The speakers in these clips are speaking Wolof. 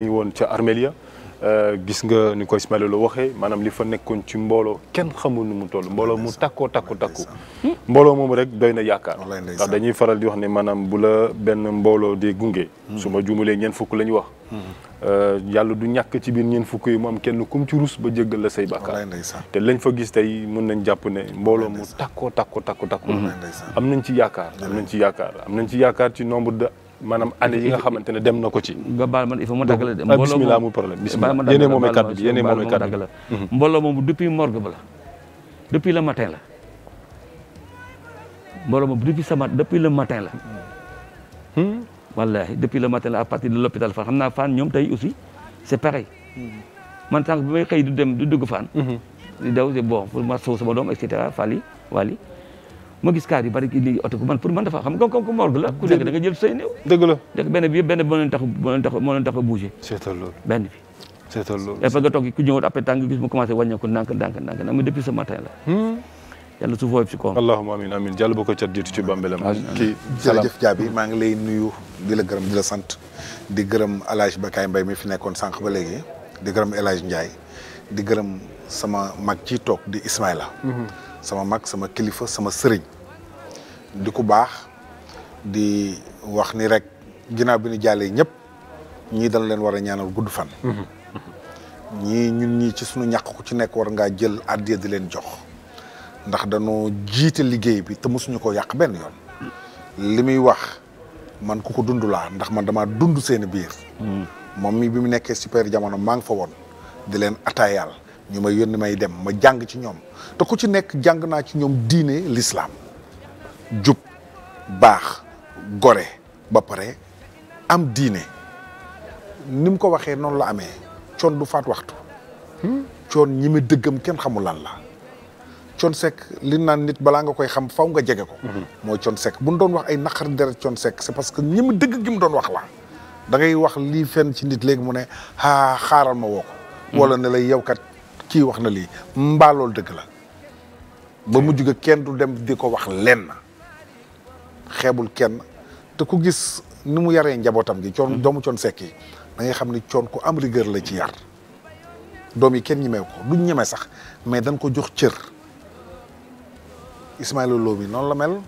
ñu woon ca Armelia euh, gis nga ni ko Ismaïla Lo waxee maanaam li fa nekkoon ci mbooloo kenn xamu nu mu toll mbooloo mu takkoo takku takku hmm? mbooloo moom rek doy na yaakaar ndax dañuy faral di wax ne maanaam bu la benn mbooloo de gunge hmm. suma ma juumalee ñeent fukk la ñu wax hmm. euh, yàlla du ñàkk ci biir ñeent fukk yi mu am kenn kum ci rus ba jéggal la say bàkkaar te lañ fa gis tey mën nañ jàpp ne mbooloo mu takkoo takku takku takku am nañ ci yaakaar am nañ ci yaakaar ci nombre maanaam année yi nga xamante ne dem na ko ci. nga baal man il faut ma dàggale de. Ah, mbooloo moom bisimilah mu problème bisimilah yéenay moomay kàddu gi yéenay moomay kàddu gi. Mhm. la depuis le matin la mbooloo moom depuis sama depuis le matin la. Hmm? wallahi depuis le matin la à partir de l'hôpital Fann xam naa Fann ñoom tey aussi c'est pareil. Hmm. man tànk bi may xëy du dem du dugg Fann. Mhm. di daw c'est bon pour ma sow sama doom et cetera Fally ma gis kaar yu bari léegi oto man pour man dafa xam nga comme morgue la ku nekk da nga jël say néew dëgg la dëgg benn bi yëpp benn bi moo leen tax moo leen tax moo leen tax a bouger seetal loolu benn bi seetal loolu après nga toog ku ñëwul après tàng gis mu commencé wàññeeku ndànk ndànk ndànk nag mu depuis ce matin la hmm. yàlla suuf woyof si koom allahumma amin amin jàll ba ko cat jiitu ci bambelam kii jërëjëf Diaby maa ngi lay nuyu di la gërëm di la sant di gërëm El Hadj Bakay Mbaye mi fi nekkoon sànq ba léegi di gërëm El Hadj Ndiaye di gërëm sama mag ci toog di Ismaïla hmm. sama mag sama kilifa sama sëriñ di ku baax di wax ni rek ginnaaw bi ñu jàllee ñëpp ñii dañ leen war a ñaanal gudd fan ñii ñun ñii ci suñu ñàq ku ci nekk war ngaa jël addiya di leen jox ndax dañoo jiite liggéey bi te mosuñu ko yàq benn yoon li muy wax man ku ko dund laa ndax man dama dund seen biir hmm. moom mi bi mu nekkee super jamono maa ngi fa woon di leen ataayaal ñu may yónni may dem ma jàng ci ñoom te ku ci nekk jàng naa ci ñoom diine lislaam jub baax gore ba pare am diine ni mu ko waxee noonu la amee coon du faat waxtu hmm? coon ñi mi dëggam kenn xamu lan la coon sekk li naan nit balaa nga koy xam faw nga jege ko mhm. mooy coon sekk bu nu doon wax ay naqar deret coon sekk c'est parce que ñi mi dëgg gi mu doon wax la da ngay wax lii fen ci nit léegi mu ne aa xaaral ma woo ko mhm. wala ne lay yow kat kii wax na lii mbaalool dëgg la ba mu ga kenn du dem di ko wax leen na xeebul kenn te ku gis nu mu yaree njabootam gi coon hmm. doomu coon sekk yi da nga xam ni coon ku am rigueur la ci yar doom yi kenn ñemew ko duñ ñeme sax mais dañ ko jox cër Ismaïla Lo mi noonu la mel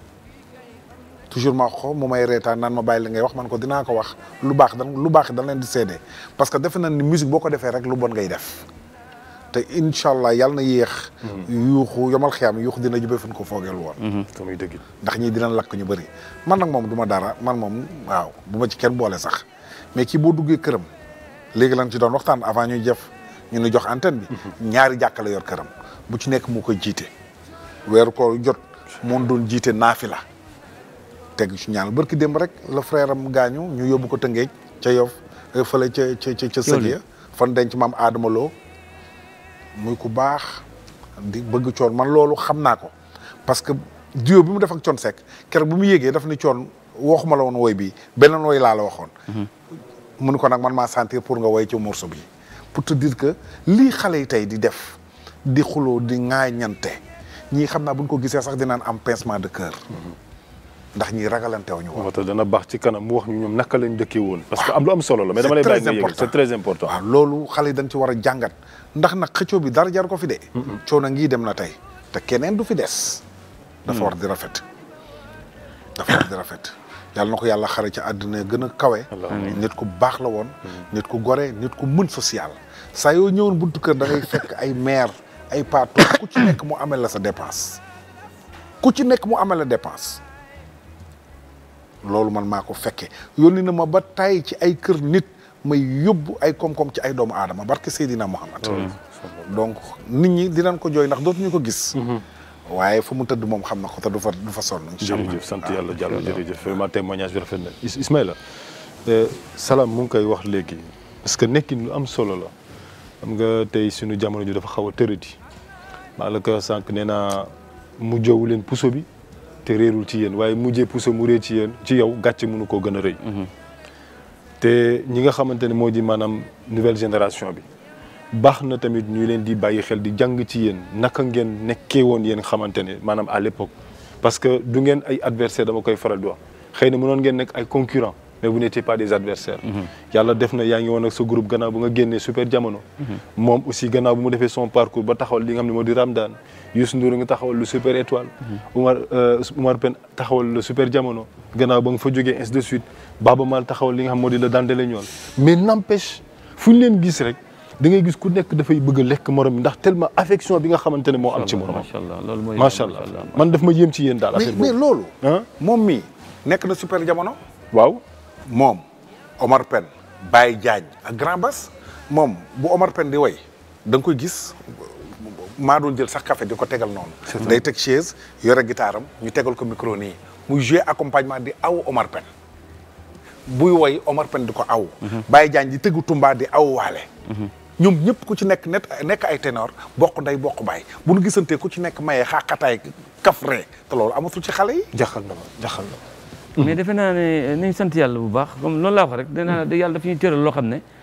toujours ma ko mu may reetaan naan ma bàyyi la ngay wax man ko dinaa ko wax lu baax dan lu baax dan leen di seede parce que defe na ni musique boo ko defee rek lu bon ngay def te incha allah yàlla na yéex. yuuxu yomal xiyaam yuuxu dina jube fan ko foogeel woon. tamit dëgg ndax ñii dina lakk ñu bëri. man nag moom du ma dara man moom waaw bu ma ci kenn boole sax mais kii boo duggee këram léegi lan ci doon waxtaan avant ñuy jëf ñu ni jox antenne bi. ñaari jàkka yor këram bu ci nekk moo koy jiite. weeru ko jot moom doon jiite naafila teg ci ñaan barki démb rek la frère am gaañu ñu yóbbu ko Tëngéej ca Yoff fa ca ca ca ca sëg ya fan denc maam Adama loo muy ku baax di bëgg coon man loolu xam naa ko parce que duo bi mu def ak Thione Seck keroog bi mu yéegee daf ni coon waxuma la woon woy bi beneen woy laa la waxoon mhm. mu ni ko nag man maa sentir pour nga woy ci morceau bi pour te dire lii xale yi tey di def di xuloo di ñante ñii xam naa bu buñ ko gisee sax di naan am pincement de cœur mhm. ndax ñi ragalante wu ñu woon. moo dana baax ci kanam mu wax ñu ñoom naka lañ dëkkee woon. parce que am lu am solo la mais dama lay bàyyi nga loolu xale yi dañ war a jàngat ndax nag xëccoo bi dara jar ko fi de. coono ngi dem na tey te keneen du fi des. dafa mm. war di rafet dafa rafet. yàlla na ko yàlla xare ci àddina gën a kawe. nit ku baax la woon. nit ku gore nit ku mën social. saa yoo ñëwoon buntu kër da ngay fekk ay maire ay patron ku ci nekk mu amel la sa dépense ku ci nekk mu amel la dépense loolu man maa ko fekkee yónni na ma ba tay ci ay kër nit may yóbbu ay koom-koom ci ay doomu aadama barke Seydina Muhammad mm-hmm. donc nit ñi dinañ ko jooy ndax dootuñu ko gis mm-hmm. waaye fu mu tëdd moom xam na ko du fa du fa sonn incha allah jërëjëf sant yàlla Diallo ah, jërëjëf vraiment témoignage bi rafet na Ismaïla euh, salaam mu ngi koy wax léegi parce que nekkin lu am solo la xam nga tey suñu jamono ji dafa xaw a tëradi maa la sànq nee naa mu jowu leen puso bi te réerul ci yéen waaye mujjee puso mu réer ci yéen ci yow gàcce mënu koo gën a rëy. Mhm. te ñi nga xamante ne moo ji maanaam nouvelle génération bi baax na tamit ñu leen di bàyyi xel di jàng ci yéen naka ngeen nekkee woon yéen xamante ne maanaam à l'époque parce que du ngeen ay adversaire dama koy faral di wax xëy na mënoon ngeen nekk ay concurrent mais vous n'étiez def na yaa ngi woon ak sa groupe gannaaw bu nga super jamono moom aussi gannaaw bu mu defee son parcours ba taxawal li nga xam ne moo di Ramdan Youssou Ndour nga taxawal lu super étoile Oumar euh, jamono gannaaw ba nga fa jógee ainsi de suite Baba Maal taxawal li nga xam moo di la dandele ñoon mais n'empêche fu ñu leen gis rek da ngay gis ku nekk dafay bëgg lekk morom bi ndax tellement affection bi nga xamante ne moo am ci morom macha allah man daf ma yéem ci yéen daal affaire mais loolu moom mii nekk na super jamono waaw moom Omar Pène Baye Diagne ak Grand Bass moom bu Omar Pène di woy da nga koy gis maa doon jël sax café di ko tegal noonu day teg chaise yore gitaaram ñu tegal ko micro mu muy accompagnement di aw Omar Pène buy woy Omar Pène di ko aw mhm. Baye Diagne di tëggu Tumba di aw waale mhm. ñoom ñëpp ku ci nekk nekk ay ténor bokk nday bokk baay bu nu gisantee ku ci nekk mayee xaaxataay kaf ree te loolu amatul ci xale yi jaxal na ma na mais defe naa ne nañ sant yàlla bu baax comme loolu laa wax rek dinaa yàlla daf ñuy tëral loo xam ne